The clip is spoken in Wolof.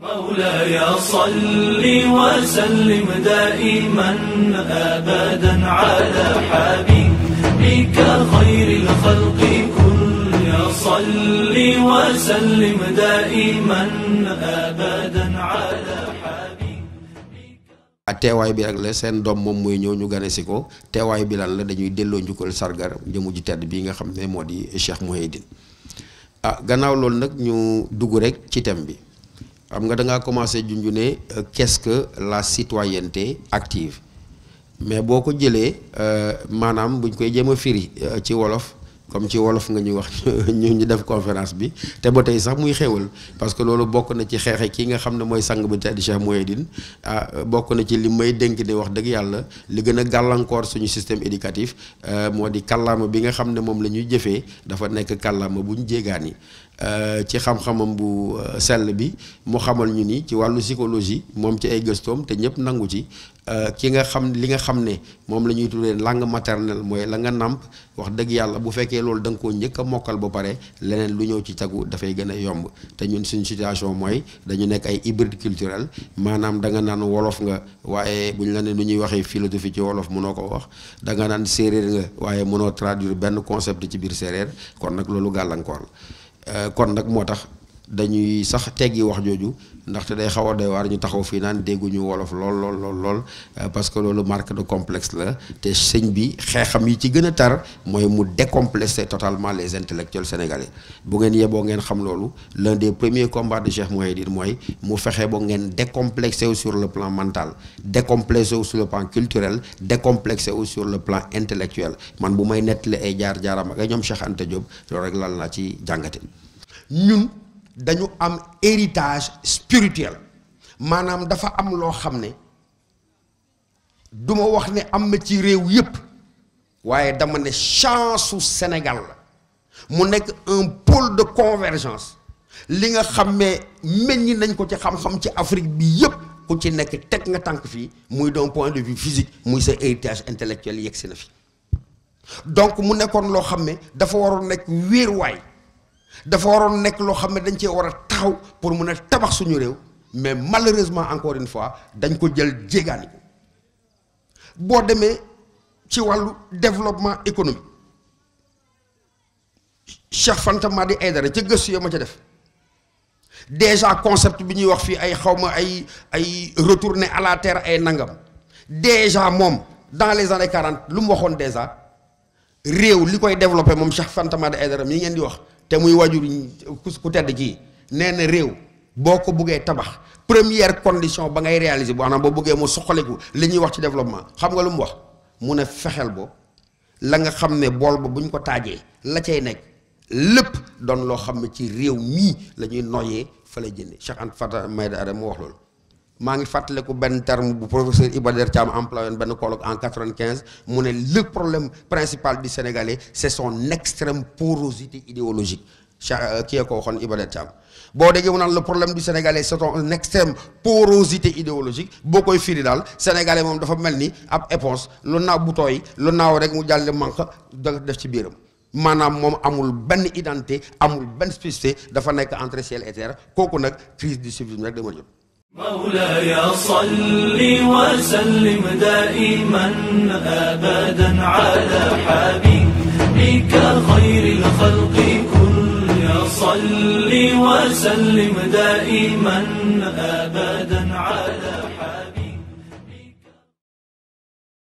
مولاي صل وسلم دائما ابدا على حبيبك خير الخلق كل صل وسلم دائما ابدا على téway bi rek la seen doom moom mooy ñëw ñu gane ganesi ko téway bi lan la dañuy delloo njukkal sargar jëmu ji tedd bi nga xam ne moo di Cheikh Mouhidine ah gannaaw loolu nag ñu dugg rek ci thème bi Je nga da à dire euh, qu'est-ce que la citoyenneté active mais beaucoup euh, de manam buñ comme ci wolof nga ñu wax ñu ñu def conférence bi te ba tey sax muy xéewal parce que loolu bokk na ci xeexe kii nga xam ne mooy sang bi te di Cheikh Mouhidine ah na ci li may dénk ne wax dëgg yàlla li gën a gàllankoor suñu système éducatif euh, moo di kàllaama bi nga xam ne moom la ñuy jëfee dafa nekk kàllaama bu ñu jéegaani euh, ci xam-xamam bu euh, sell bi mu xamal ñu ni ci wàllu psychologie moom ci ay gëstoom te ñëpp nangu ci Euh, ki nga xam li nga xam ne moom la ñuy tuddee langue maternelle mooy la nga nàmp wax dëgg yàlla bu fekkee loolu da nga koo njëkk a mokkal ba pare leneen lu ñëw ci tagu dafay gën a yomb te ñun suñu situation mooy dañu nekk ay hybride culturel maanaam da nga naan wolof nga waaye bu ñu la ne nu ñuy waxee philosophie ci wolof mënoo ko wax da nga naan séeréer nga waaye mënoo traduire benn concept ci biir séeréer kon nag loolu gàllankoor euh, kon nag moo tax. dañuy sax teggi wax jooju ndaxte day xaw a doy waar ñu taxaw fii naan dégguñu wolof lool lool lool lool euh, parce que loolu marque de complexe la te sëñ bi xeexam yi ci gën a tar mooy mu décomplexer totalement les intellectuels sénégalais bu ngeen yeboo ngeen xam loolu l'un des premiers combats de Cheikh Mouhidine mooy mu fexe ba ngeen décomplexé wu sur le plan mental décomplexé wu sur le plan culturel décomplexé sur le plan intellectuel man bu may nettali ay jaar jaaram ak ay ñoom Cheikh Anta Diop loolu rek lal naa ci jàngate dañu am héritage spirituel manam dafa am lo xamné ne du wax né am na ci réew yépp waaye dama ne chance Sénégal la mu nekk un pôle de convergence li nga xam ne meññ nañ ko ci xam-xam ci Afrique bi yépp ku ci nekk teg nga tànk fii muy d'un point de vue physique muy sa héritage intellectuel yegg na fi donc mu nekkoon loo xam ne dafa waroon nekk wéeruwaay dafa waroon nekk loo xam ne dañ cee war a taxaw pour mun a tabax suñu réew mais malheureusement encore une fois dañ ko jël jéegaani ko boo demee ci wàllu développement économique Cheikh Fanta Madi Aidara ca gëstu ya ma ci def déjà concept bi ñuy wax fii ay xawma ay ay retourner à la terre ay nangam déjà moom dans les années quarante lu mu waxoon déjà réew li koy développé moom Cheikh Fanta Madi Aidara mi ngeen di wax te muy wajur ku tedd kii nee na réew boo ko buggee tabax première condition ba ngay réaliser bu maanaam boo buggee mu soxaliku li ñuy wax ci développement xam nga lu mu wax mu ne fexeel bo la nga xam ne bool ba bu ñu ko taajee la cay nekk lépp doon loo xam ne ci réew mii la ñuy noyee fa lay jënde Cheikh Anta Fata Maïda Ara moo wax loolu mangi ngi fàttaliku ben terme bu professeur Ibader Der Thiam employé woon colloque en 95 mu le problème principal du sénégalais c'est son extrême porosité idéologique euh, Qui est ko waxoon Iba Der Thiam boo le problème du sénégalais c'est son extrême porosité idéologique bokoy firi dal sénégalais mom dafa melni ab éponge lu n'a bu tooy lu naw rek mu jàll manque da def ci biram manam mom amul ben identité amul ben spécificité dafa nek entre ciel et terre koku nak crise du civisme rek dama jot. مولاي صل وسلم دائما ابدا على حبيبك خير الخلق كل صل وسلم دائما ابدا على حبيبك